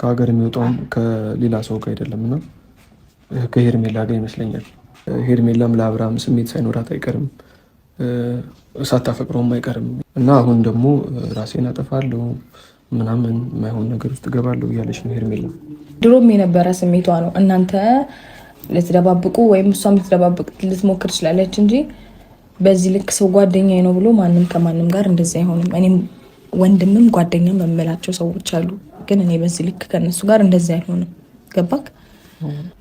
ከሀገር የሚወጣውም ከሌላ ሰው ጋር አይደለም እና ከሄርሜላ ጋር ይመስለኛል። ሄርሜላም ለአብርሃም ስሜት ሳይኖራት አይቀርም፣ ሳታፈቅረውም አይቀርም እና አሁን ደግሞ ራሴን አጠፋለሁ ምናምን የማይሆን ነገር ውስጥ እገባለሁ እያለች ነው ሄርሜላ። ድሮም የነበረ ስሜቷ ነው። እናንተ ልትደባብቁ ወይም እሷም ልትደባብቅ ልትሞክር ትችላለች እንጂ በዚህ ልክ ሰው ጓደኛ ነው ብሎ ማንም ከማንም ጋር እንደዚህ አይሆንም። እኔም ወንድምም ጓደኛም የምላቸው ሰዎች አሉ። ግን እኔ በዚህ ልክ ከእነሱ ጋር እንደዚህ አይሆንም። ገባክ?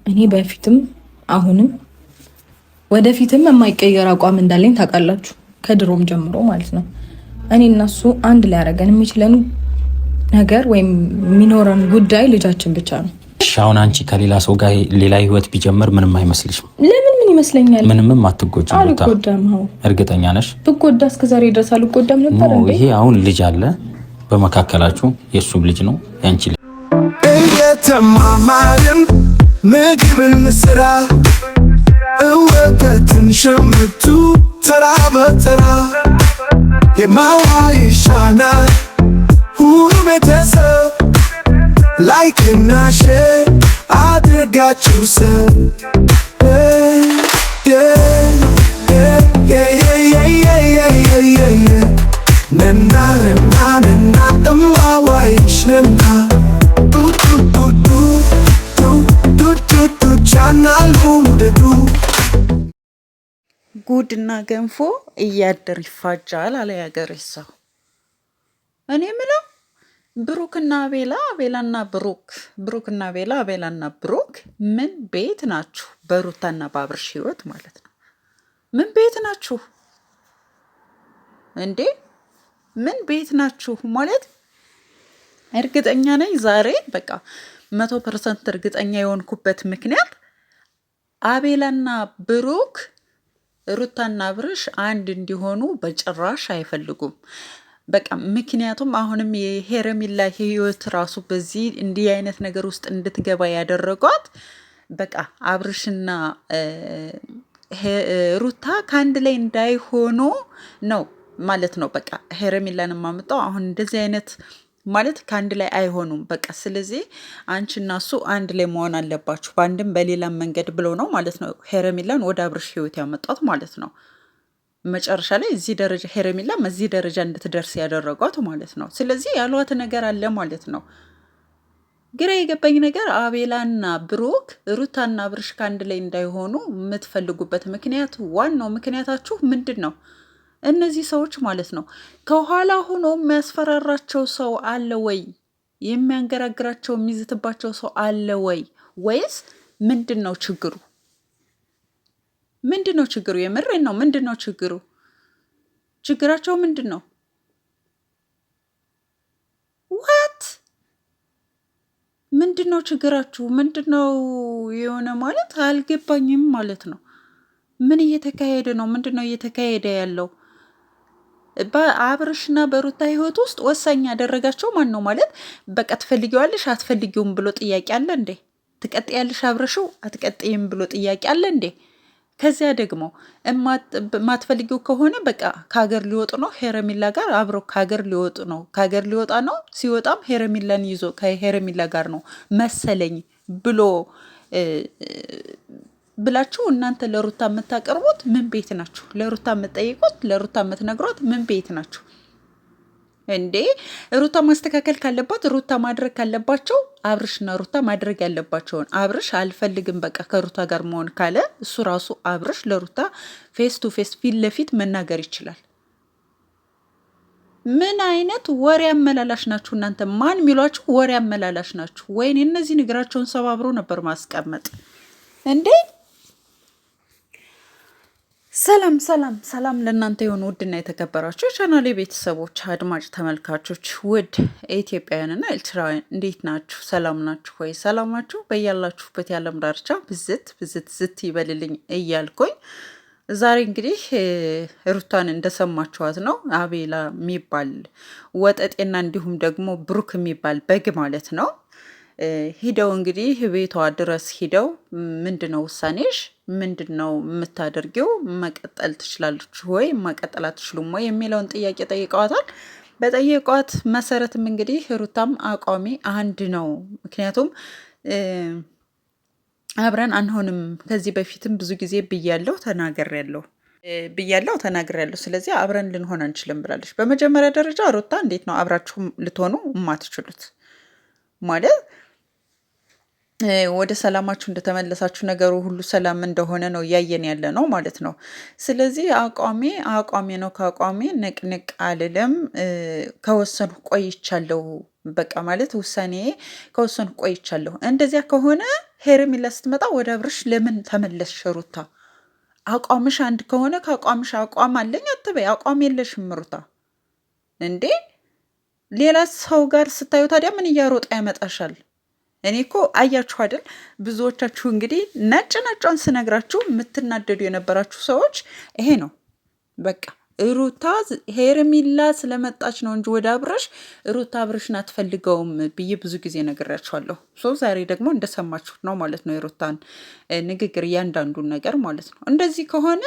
እኔ በፊትም አሁንም ወደፊትም የማይቀየር አቋም እንዳለኝ ታውቃላችሁ፣ ከድሮም ጀምሮ ማለት ነው። እኔ እነሱ አንድ ላይ የሚችለን ነገር ወይም የሚኖረን ጉዳይ ልጃችን ብቻ ነው። አሁን አንቺ ከሌላ ሰው ጋር ሌላ ህይወት ቢጀምር ምንም አይመስልሽም? ለምን ምን ይመስለኛል? ምንምም አትጎጅ። አልጎዳም። እርግጠኛ ነሽ? ብጎዳ እስከዛሬ ድረስ አልጎዳም ነበር። ይሄ አሁን ልጅ አለ በመካከላችሁ የእሱም ልጅ ነው ያንቺ ልጅ። እየተማማርን ምግብን ስራ እወተትን ሸምቱ ተራ በተራ የማዋ ይሻናል ሁሉ ቤተሰብ ላይክ እና ሼር አድርጋችሁ ሰብ አዋይሽ ነምታ ጉድና ገንፎ እያደር ይፋጫል አለ ያገሬ ሰው። እኔ ምለው ብሩክና ቤላ ቤላና ብሩክ ብሩክና ቤላ ቤላና ብሩክ ምን ቤት ናችሁ? በሩታና በአብርሽ ህይወት ማለት ነው። ምን ቤት ናችሁ እንዴ? ምን ቤት ናችሁ ማለት እርግጠኛ ነኝ ዛሬ በቃ መቶ ፐርሰንት እርግጠኛ የሆንኩበት ምክንያት አቤላና ብሩክ ሩታና ብርሽ አንድ እንዲሆኑ በጭራሽ አይፈልጉም። በቃ ምክንያቱም አሁንም የሄረሚላ ህይወት ራሱ በዚህ እንዲህ አይነት ነገር ውስጥ እንድትገባ ያደረጓት በቃ አብርሽና ሩታ ከአንድ ላይ እንዳይሆኑ ነው ማለት ነው። በቃ ሄረሚላን የማምጣው አሁን እንደዚህ አይነት ማለት ከአንድ ላይ አይሆኑም። በቃ ስለዚህ አንቺ እና እሱ አንድ ላይ መሆን አለባችሁ በአንድም በሌላም መንገድ ብሎ ነው ማለት ነው ሄረሚላን ወደ አብርሽ ህይወት ያመጣት ማለት ነው። መጨረሻ ላይ እዚህ ደረጃ ሄረሚላም እዚህ ደረጃ እንድትደርስ ያደረጓት ማለት ነው። ስለዚህ ያሏት ነገር አለ ማለት ነው። ግራ የገባኝ ነገር አቤላና ብሩክ ሩታና አብርሽ ከአንድ ላይ እንዳይሆኑ የምትፈልጉበት ምክንያት ዋናው ምክንያታችሁ ምንድን ነው? እነዚህ ሰዎች ማለት ነው። ከኋላ ሆኖ የሚያስፈራራቸው ሰው አለ ወይ? የሚያንገራግራቸው የሚዝትባቸው ሰው አለ ወይ? ወይስ ምንድን ነው ችግሩ? ምንድን ነው ችግሩ? የምሬን ነው። ምንድን ነው ችግሩ? ችግራቸው ምንድን ነው? ወት ምንድን ነው ችግራችሁ? ምንድን ነው የሆነ ማለት አልገባኝም ማለት ነው። ምን እየተካሄደ ነው? ምንድን ነው እየተካሄደ ያለው? በአብርሽና በሩታ ህይወት ውስጥ ወሳኝ ያደረጋቸው ማን ነው ማለት በቃ ትፈልጊዋለሽ አትፈልጊውም ብሎ ጥያቄ አለ እንዴ? ትቀጥያለሽ አብረሽው አትቀጥይም ብሎ ጥያቄ አለ እንዴ? ከዚያ ደግሞ ማትፈልጊው ከሆነ በቃ ከሀገር ሊወጡ ነው። ሄረሚላ ጋር አብሮ ከሀገር ሊወጡ ነው። ከሀገር ሊወጣ ነው። ሲወጣም ሄረሚላን ይዞ ከሄረሚላ ጋር ነው መሰለኝ ብሎ ብላችሁ እናንተ ለሩታ የምታቀርቡት ምን ቤት ናችሁ? ለሩታ የምትጠይቁት ለሩታ የምትነግሯት ምን ቤት ናችሁ? እንዴ ሩታ ማስተካከል ካለባት ሩታ ማድረግ ካለባቸው አብርሽና ሩታ ማድረግ ያለባቸውን አብርሽ አልፈልግም በቃ ከሩታ ጋር መሆን ካለ እሱ ራሱ አብርሽ ለሩታ ፌስ ቱ ፌስ ፊት ለፊት መናገር ይችላል። ምን አይነት ወሬ አመላላሽ ናችሁ እናንተ? ማን የሚሏችሁ ወሬ አመላላሽ ናችሁ? ወይኔ እነዚህን እግራቸውን ሰባብሮ ነበር ማስቀመጥ እንዴ ሰላም ሰላም ሰላም ለእናንተ የሆኑ ውድና የተከበራችሁ ቻናሌ ቤተሰቦች አድማጭ ተመልካቾች፣ ውድ ኢትዮጵያውያንና ኤርትራውያን እንዴት ናችሁ? ሰላም ናችሁ ወይ? ሰላማችሁ በያላችሁበት የዓለም ዳርቻ ብዝት ብዝት ዝት ይበልልኝ እያልኩኝ ዛሬ እንግዲህ ሩታን እንደሰማችኋት ነው። አቤላ የሚባል ወጠጤና እንዲሁም ደግሞ ብሩክ የሚባል በግ ማለት ነው ሂደው እንግዲህ ቤቷ ድረስ ሂደው ምንድን ነው ውሳኔሽ? ምንድን ነው የምታደርጊው? መቀጠል ትችላለች ወይ መቀጠል አትችሉም ወይ የሚለውን ጥያቄ ጠይቀዋታል። በጠየቋት መሰረትም እንግዲህ ሩታም አቋሚ አንድ ነው። ምክንያቱም አብረን አንሆንም ከዚህ በፊትም ብዙ ጊዜ ብያለሁ ተናግሬያለሁ ብያለሁ ተናግሬያለሁ። ስለዚህ አብረን ልንሆን አንችልም ብላለች። በመጀመሪያ ደረጃ ሩታ እንዴት ነው አብራችሁም ልትሆኑ የማትችሉት ማለት ወደ ሰላማችሁ እንደተመለሳችሁ ነገሩ ሁሉ ሰላም እንደሆነ ነው እያየን ያለ ነው ማለት ነው። ስለዚህ አቋሜ አቋሜ ነው። ከአቋሜ ንቅንቅ አልልም። ከወሰንሁ ቆይቻለሁ። በቃ ማለት ውሳኔ ከወሰንሁ ቆይቻለሁ። እንደዚያ ከሆነ ሄርሜላ ስትመጣ ወደ አብርሽ ለምን ተመለስሽ ሩታ? አቋምሽ አንድ ከሆነ ከአቋምሽ አቋም አለኝ አትበይ። አቋም የለሽም ሩታ እንዴ! ሌላ ሰው ጋር ስታዩ ታዲያ ምን እያሮጠ ያመጣሻል? እኔ እኮ አያችሁ አይደል ብዙዎቻችሁ እንግዲህ ነጭ ነጯን ስነግራችሁ የምትናደዱ የነበራችሁ ሰዎች ይሄ ነው በቃ ሩታ ሄርሚላ ስለመጣች ነው እንጂ ወደ አብረሽ ሩታ አብረሽን አትፈልገውም ብዬ ብዙ ጊዜ ነግሬያችኋለሁ። ሶ ዛሬ ደግሞ እንደሰማችሁት ነው ማለት ነው የሩታን ንግግር እያንዳንዱን ነገር ማለት ነው። እንደዚህ ከሆነ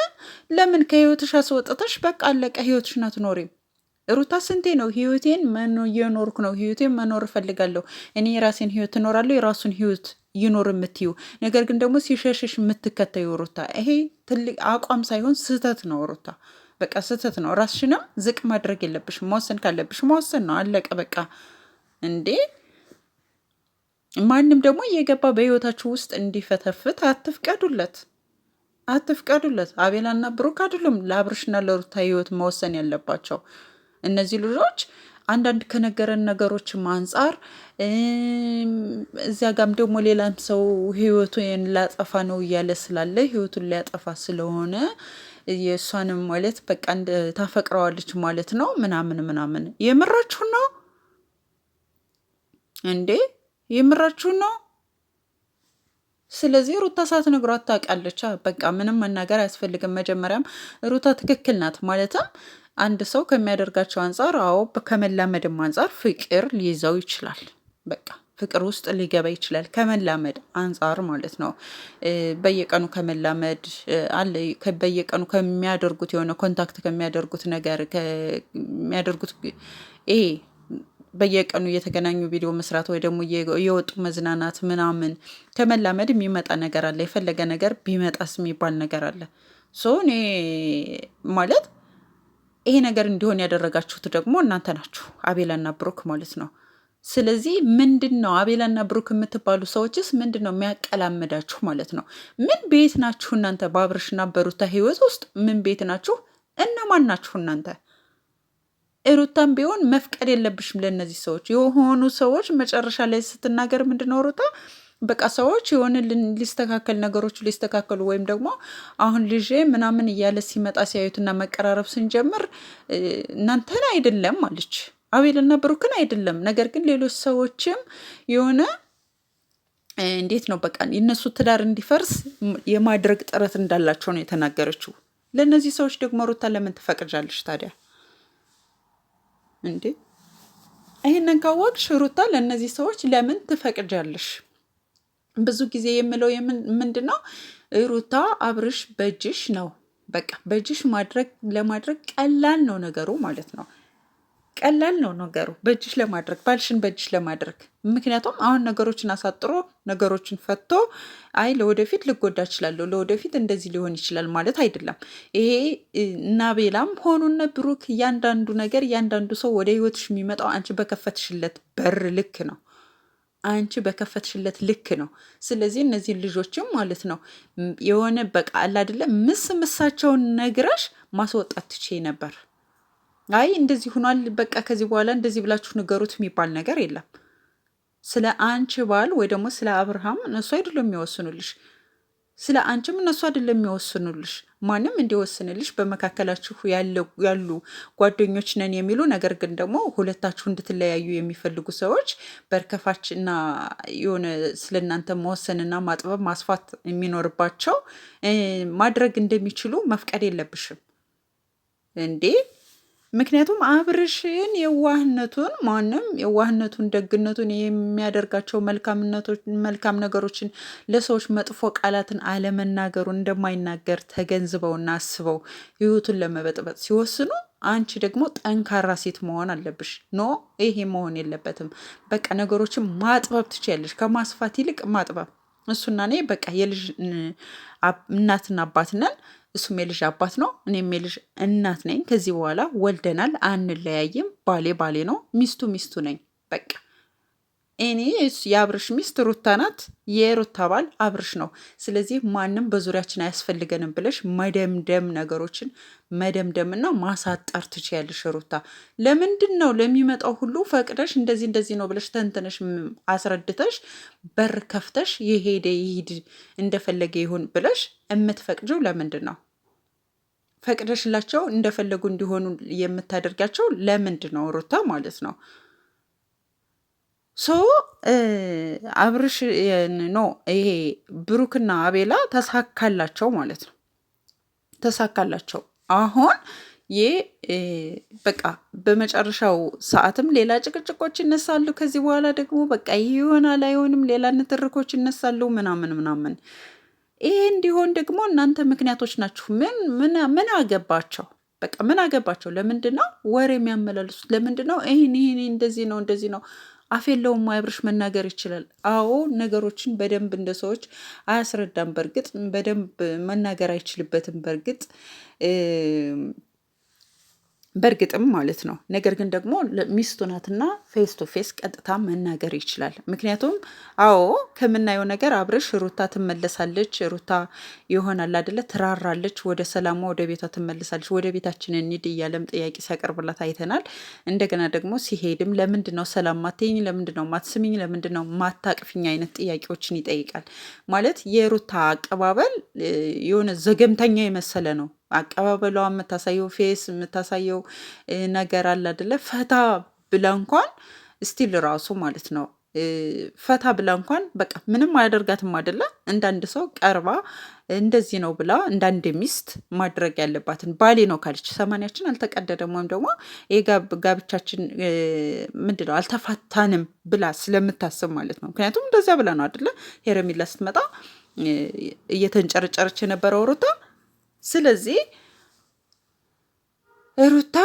ለምን ከህይወትሽ አስወጥተሽ በቃ አለቀ ህይወትሽን አትኖሪም? ሩታ ስንቴ ነው ህይወቴን እየኖርኩ ነው፣ ህይወቴን መኖር እፈልጋለሁ፣ እኔ የራሴን ህይወት ትኖራለሁ፣ የራሱን ህይወት ይኖር የምትዩ ነገር ግን ደግሞ ሲሸሽሽ የምትከተዩ ሩታ፣ ይሄ ትልቅ አቋም ሳይሆን ስህተት ነው ሩታ። በቃ ስህተት ነው። ራስሽንም ዝቅ ማድረግ የለብሽ። መወሰን ካለብሽ መወሰን ነው። አለቀ በቃ እንዴ። ማንም ደግሞ እየገባ በህይወታችሁ ውስጥ እንዲፈተፍት አትፍቀዱለት፣ አትፍቀዱለት። አቤላና ብሩክ አይደሉም ለአብርሽና ለሩታ ህይወት መወሰን ያለባቸው። እነዚህ ልጆች አንዳንድ ከነገረን ነገሮችም አንጻር እዚያ ጋም ደግሞ ሌላም ሰው ህይወቱን ላጠፋ ነው እያለ ስላለ ህይወቱን ሊያጠፋ ስለሆነ የእሷንም ማለት በቃ ታፈቅረዋለች ማለት ነው ምናምን ምናምን። የምራችሁ ነው እንዴ? የምራችሁ ነው? ስለዚህ ሩታ ሳትነግሯት ታውቃለች። በቃ ምንም መናገር አያስፈልግም። መጀመሪያም ሩታ ትክክል ናት ማለትም አንድ ሰው ከሚያደርጋቸው አንጻር አዎ ከመላመድም አንጻር ፍቅር ሊይዘው ይችላል። በቃ ፍቅር ውስጥ ሊገባ ይችላል። ከመላመድ አንጻር ማለት ነው። በየቀኑ ከመላመድ አለ በየቀኑ ከሚያደርጉት የሆነ ኮንታክት ከሚያደርጉት ነገር ከሚያደርጉት ይሄ በየቀኑ እየተገናኙ ቪዲዮ መስራት ወይ ደግሞ የወጡ መዝናናት ምናምን ከመላመድ የሚመጣ ነገር አለ። የፈለገ ነገር ቢመጣስ የሚባል ነገር አለ። ሶ እኔ ማለት ይሄ ነገር እንዲሆን ያደረጋችሁት ደግሞ እናንተ ናችሁ፣ አቤላና ብሩክ ማለት ነው። ስለዚህ ምንድን ነው አቤላና ብሩክ የምትባሉ ሰዎችስ ምንድን ነው የሚያቀላምዳችሁ ማለት ነው? ምን ቤት ናችሁ እናንተ? በአብርሽና በሩታ ህይወት ውስጥ ምን ቤት ናችሁ? እነማን ናችሁ እናንተ? ሩታም ቢሆን መፍቀድ የለብሽም ለእነዚህ ሰዎች። የሆኑ ሰዎች መጨረሻ ላይ ስትናገር ምንድን ነው ሩታ በቃ ሰዎች የሆነ ሊስተካከል ነገሮች ሊስተካከሉ ወይም ደግሞ አሁን ልጄ ምናምን እያለ ሲመጣ ሲያዩትና መቀራረብ ስንጀምር እናንተን አይደለም አለች፣ አቤልና ብሩክን አይደለም፣ ነገር ግን ሌሎች ሰዎችም የሆነ እንዴት ነው በቃ የእነሱ ትዳር እንዲፈርስ የማድረግ ጥረት እንዳላቸው ነው የተናገረችው። ለእነዚህ ሰዎች ደግሞ ሩታ ለምን ትፈቅጃለች ታዲያ እንዴ? ይህንን ካወቅሽ ሩታ ለእነዚህ ሰዎች ለምን ትፈቅጃለሽ? ብዙ ጊዜ የምለው ምንድን ነው ሩታ አብርሽ በእጅሽ ነው በቃ በእጅሽ ማድረግ ለማድረግ ቀላል ነው ነገሩ ማለት ነው። ቀላል ነው ነገሩ በእጅሽ ለማድረግ ባልሽን በእጅሽ ለማድረግ ምክንያቱም አሁን ነገሮችን አሳጥሮ ነገሮችን ፈቶ አይ ለወደፊት ልጎዳ እችላለሁ ለወደፊት እንደዚህ ሊሆን ይችላል ማለት አይደለም። ይሄ እና ቤላም ሆኑነ ብሩክ እያንዳንዱ ነገር እያንዳንዱ ሰው ወደ ህይወትሽ የሚመጣው አንቺ በከፈትሽለት በር ልክ ነው። አንቺ በከፈትሽለት ልክ ነው። ስለዚህ እነዚህን ልጆችም ማለት ነው የሆነ በቃ አለ አይደለም ምስ ምሳቸውን ነግረሽ ማስወጣት ትቼ ነበር። አይ እንደዚህ ሆኗል፣ በቃ ከዚህ በኋላ እንደዚህ ብላችሁ ንገሩት የሚባል ነገር የለም። ስለ አንቺ ባል ወይ ደግሞ ስለ አብርሃም እነሱ አይደለም የሚወስኑልሽ፣ ስለ አንቺም እነሱ አይደለም የሚወስኑልሽ። ማንም እንዲወስንልሽ በመካከላችሁ ያሉ ጓደኞች ነን የሚሉ ነገር ግን ደግሞ ሁለታችሁ እንድትለያዩ የሚፈልጉ ሰዎች በርከፋችና እና የሆነ ስለእናንተ መወሰንና ማጥበብ ማስፋት የሚኖርባቸው ማድረግ እንደሚችሉ መፍቀድ የለብሽም እንዴ ምክንያቱም አብርሽን የዋህነቱን ማንም የዋህነቱን ደግነቱን የሚያደርጋቸው መልካም ነገሮችን ለሰዎች መጥፎ ቃላትን አለመናገሩን እንደማይናገር ተገንዝበውና አስበው ህይወቱን ለመበጥበጥ ሲወስኑ አንቺ ደግሞ ጠንካራ ሴት መሆን አለብሽ። ኖ ይሄ መሆን የለበትም። በቃ ነገሮችን ማጥበብ ትችያለሽ፣ ከማስፋት ይልቅ ማጥበብ እሱና እኔ በቃ የልጅ እናትና አባት ነን። እሱም የልጅ አባት ነው፣ እኔም የልጅ እናት ነኝ። ከዚህ በኋላ ወልደናል፣ አንለያይም። ባሌ ባሌ ነው፣ ሚስቱ ሚስቱ ነኝ። በቃ እኔ የአብርሽ ሚስት ሩታ ናት፣ የሩታ ባል አብርሽ ነው። ስለዚህ ማንም በዙሪያችን አያስፈልገንም ብለሽ መደምደም ነገሮችን መደምደም እና ማሳጠር ትችያለሽ። ሩታ ለምንድን ነው ለሚመጣው ሁሉ ፈቅደሽ እንደዚህ እንደዚህ ነው ብለሽ ተንትነሽ አስረድተሽ በር ከፍተሽ የሄደ ይሂድ እንደፈለገ ይሁን ብለሽ የምትፈቅጂው ለምንድን ነው? ፈቅደሽላቸው እንደፈለጉ እንዲሆኑ የምታደርጋቸው ለምንድን ነው? ሩታ ማለት ነው ሶ አብርሽ ኖ ይሄ ብሩክና አቤላ ተሳካላቸው ማለት ነው። ተሳካላቸው አሁን ይህ በቃ በመጨረሻው ሰዓትም ሌላ ጭቅጭቆች ይነሳሉ። ከዚህ በኋላ ደግሞ በቃ ይሆናል አይሆንም፣ ሌላ ንትርኮች ይነሳሉ ምናምን ምናምን። ይሄ እንዲሆን ደግሞ እናንተ ምክንያቶች ናችሁ። ምን ምን አገባቸው? በቃ ምን አገባቸው? ለምንድን ነው ወሬ የሚያመላልሱት? ለምንድን ነው ይህን ይህን እንደዚህ ነው እንደዚህ ነው አፍ የለውም አብርሽ መናገር ይችላል። አዎ ነገሮችን በደንብ እንደ ሰዎች አያስረዳም። በእርግጥ በደንብ መናገር አይችልበትም። በእርግጥ በእርግጥም ማለት ነው። ነገር ግን ደግሞ ሚስቱ ናትና ፌስ ቱ ፌስ ቀጥታ መናገር ይችላል። ምክንያቱም አዎ ከምናየው ነገር አብርሽ ሩታ ትመለሳለች፣ ሩታ ይሆናል አደለ ትራራለች፣ ወደ ሰላሟ ወደ ቤቷ ትመለሳለች፣ ወደ ቤታችን እንሂድ እያለም ጥያቄ ሲያቀርብላት አይተናል። እንደገና ደግሞ ሲሄድም ለምንድን ነው ሰላም ማትይኝ፣ ለምንድን ነው ማትስሚኝ፣ ለምንድን ነው ማታቅፍኝ አይነት ጥያቄዎችን ይጠይቃል። ማለት የሩታ አቀባበል የሆነ ዘገምተኛ የመሰለ ነው አቀባበሏ የምታሳየው ፌስ የምታሳየው ነገር አለ አደለ? ፈታ ብላ እንኳን ስቲል ራሱ ማለት ነው ፈታ ብላ እንኳን በቃ ምንም አያደርጋትም አደለ? እንዳንድ ሰው ቀርባ እንደዚህ ነው ብላ እንዳንድ ሚስት ማድረግ ያለባትን ባሌ ነው ካለች ሰማንያችን አልተቀደደም ወይም ደግሞ ጋብቻችን ምንድን ነው አልተፋታንም ብላ ስለምታስብ ማለት ነው። ምክንያቱም እንደዚያ ብላ ነው አደለ? ሄረሚላ ስትመጣ እየተንጨረጨረች የነበረው ሩታ ስለዚህ ሩታ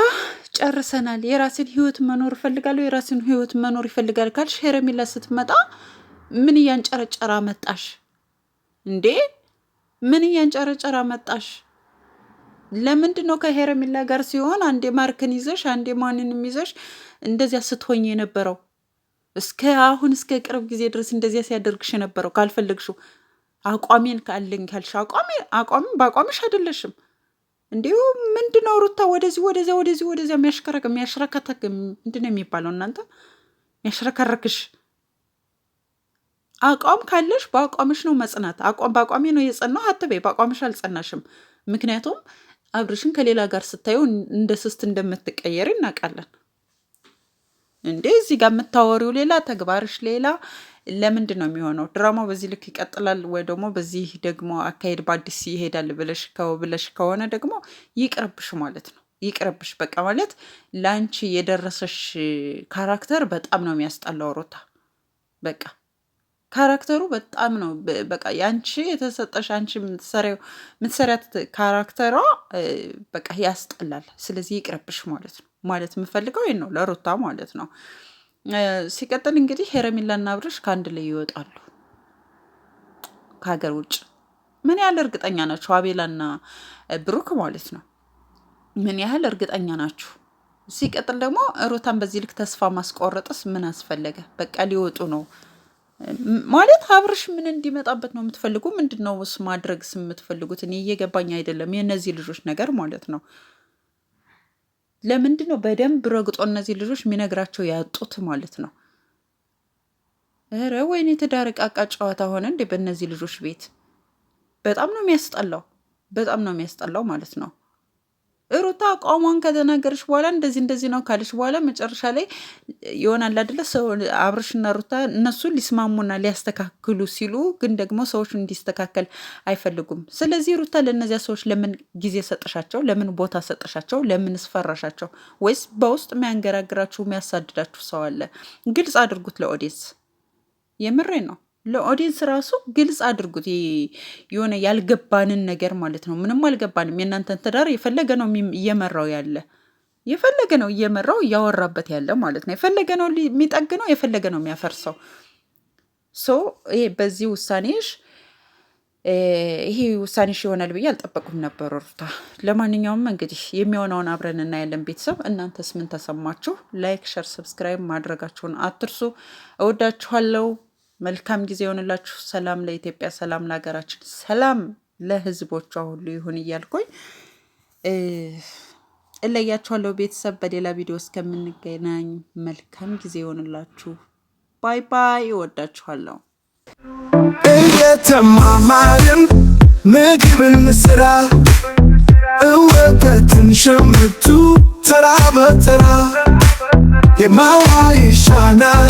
ጨርሰናል፣ የራስን ህይወት መኖር እፈልጋለሁ፣ የራስን ህይወት መኖር ይፈልጋል ካልሽ ሄረሚላ ስትመጣ ምን እያንጨረጨራ መጣሽ እንዴ? ምን እያንጨረጨራ መጣሽ? ለምንድን ነው ከሄረሚላ ጋር ሲሆን አንዴ ማርክን ይዘሽ አንዴ ማንንም ይዘሽ እንደዚያ ስትሆኝ የነበረው? እስከ አሁን እስከ ቅርብ ጊዜ ድረስ እንደዚያ ሲያደርግሽ የነበረው ካልፈለግሽው አቋሚን ካለኝ ካልሽ አቋሚ አቋሚ በአቋምሽ አይደለሽም። እንዲሁ ምንድነው ሩታ ወደዚህ ወደዚያ ወደዚህ ወደዚያ የሚያሽከረቅ የሚያሽረከተክ ምንድነው የሚባለው እናንተ የሚያሽረከረክሽ አቋም ካለሽ በአቋምሽ ነው መጽናት። አቋም በአቋሜ ነው የጸናው አትበይ። በአቋምሽ አልጸናሽም። ምክንያቱም አብርሽን ከሌላ ጋር ስታየው እንደ ስስት እንደምትቀየር እናውቃለን። እንዴ እዚህ ጋር የምታወሪው ሌላ ተግባርሽ ሌላ ለምንድን ነው የሚሆነው? ድራማው በዚህ ልክ ይቀጥላል ወይ ደግሞ በዚህ ደግሞ አካሄድ በአዲስ ይሄዳል ብለሽ ብለሽ ከሆነ ደግሞ ይቅርብሽ ማለት ነው። ይቅርብሽ በቃ ማለት ለአንቺ የደረሰሽ ካራክተር በጣም ነው የሚያስጠላው ሮታ። በቃ ካራክተሩ በጣም ነው በቃ የአንቺ የተሰጠሽ አንቺ የምትሰሪያት ካራክተሯ በቃ ያስጠላል። ስለዚህ ይቅርብሽ ማለት ነው። ማለት የምፈልገው ይሄን ነው ለሮታ ማለት ነው። ሲቀጥል እንግዲህ ሄረሚላና አብርሽ ከአንድ ላይ ይወጣሉ ከሀገር ውጭ። ምን ያህል እርግጠኛ ናቸው አቤላና ብሩክ ማለት ነው። ምን ያህል እርግጠኛ ናችሁ? ሲቀጥል ደግሞ ሩታን በዚህ ልክ ተስፋ ማስቆረጥስ ምን አስፈለገ? በቃ ሊወጡ ነው ማለት አብርሽ ምን እንዲመጣበት ነው የምትፈልጉ? ምንድን ነው ማድረግስ የምትፈልጉት? እኔ እየገባኝ አይደለም የእነዚህ ልጆች ነገር ማለት ነው። ለምንድን ነው በደንብ ረግጦ እነዚህ ልጆች የሚነግራቸው ያጡት ማለት ነው? ኧረ ወይኔ የትዳር ቃቃ ጨዋታ ሆነ እንዴ በእነዚህ ልጆች ቤት። በጣም ነው የሚያስጠላው፣ በጣም ነው የሚያስጠላው ማለት ነው። ሩታ አቋሟን ከተናገረች በኋላ እንደዚህ እንደዚህ ነው ካለች በኋላ መጨረሻ ላይ ይሆናል አይደለ ሰው አብርሽና ሩታ እነሱ ሊስማሙና ሊያስተካክሉ ሲሉ ግን ደግሞ ሰዎች እንዲስተካከል አይፈልጉም። ስለዚህ ሩታ ለእነዚያ ሰዎች ለምን ጊዜ ሰጠሻቸው? ለምን ቦታ ሰጠሻቸው? ለምን ስፈራሻቸው? ወይስ በውስጥ የሚያንገራግራችሁ የሚያሳድዳችሁ ሰው አለ? ግልጽ አድርጉት ለኦዴስ የምሬ ነው። ለኦዲንስ ራሱ ግልጽ አድርጉት። የሆነ ያልገባንን ነገር ማለት ነው። ምንም አልገባንም። የእናንተን ትዳር የፈለገ ነው እየመራው ያለ የፈለገ ነው እየመራው እያወራበት ያለ ማለት ነው። የፈለገ ነው የሚጠግነው፣ የፈለገ ነው የሚያፈርሰው። ሶ ይሄ በዚህ ውሳኔሽ ይሄ ውሳኔሽ ይሆናል ብዬ አልጠበቁም ነበር ሩታ። ለማንኛውም እንግዲህ የሚሆነውን አብረን እናያለን። ቤተሰብ እናንተስ ምን ተሰማችሁ? ላይክ፣ ሸር፣ ሰብስክራይብ ማድረጋችሁን አትርሱ። እወዳችኋለሁ። መልካም ጊዜ የሆንላችሁ። ሰላም ለኢትዮጵያ፣ ሰላም ለሀገራችን፣ ሰላም ለህዝቦቿ ሁሉ ይሁን እያልኩኝ እለያችኋለሁ ቤተሰብ። በሌላ ቪዲዮ እስከምንገናኝ መልካም ጊዜ የሆንላችሁ። ባይ ባይ። እወዳችኋለሁ። እየተማማርን ምግብን ስራ እወተትን ሸምቱ ተራ በተራ የማዋ ይሻናል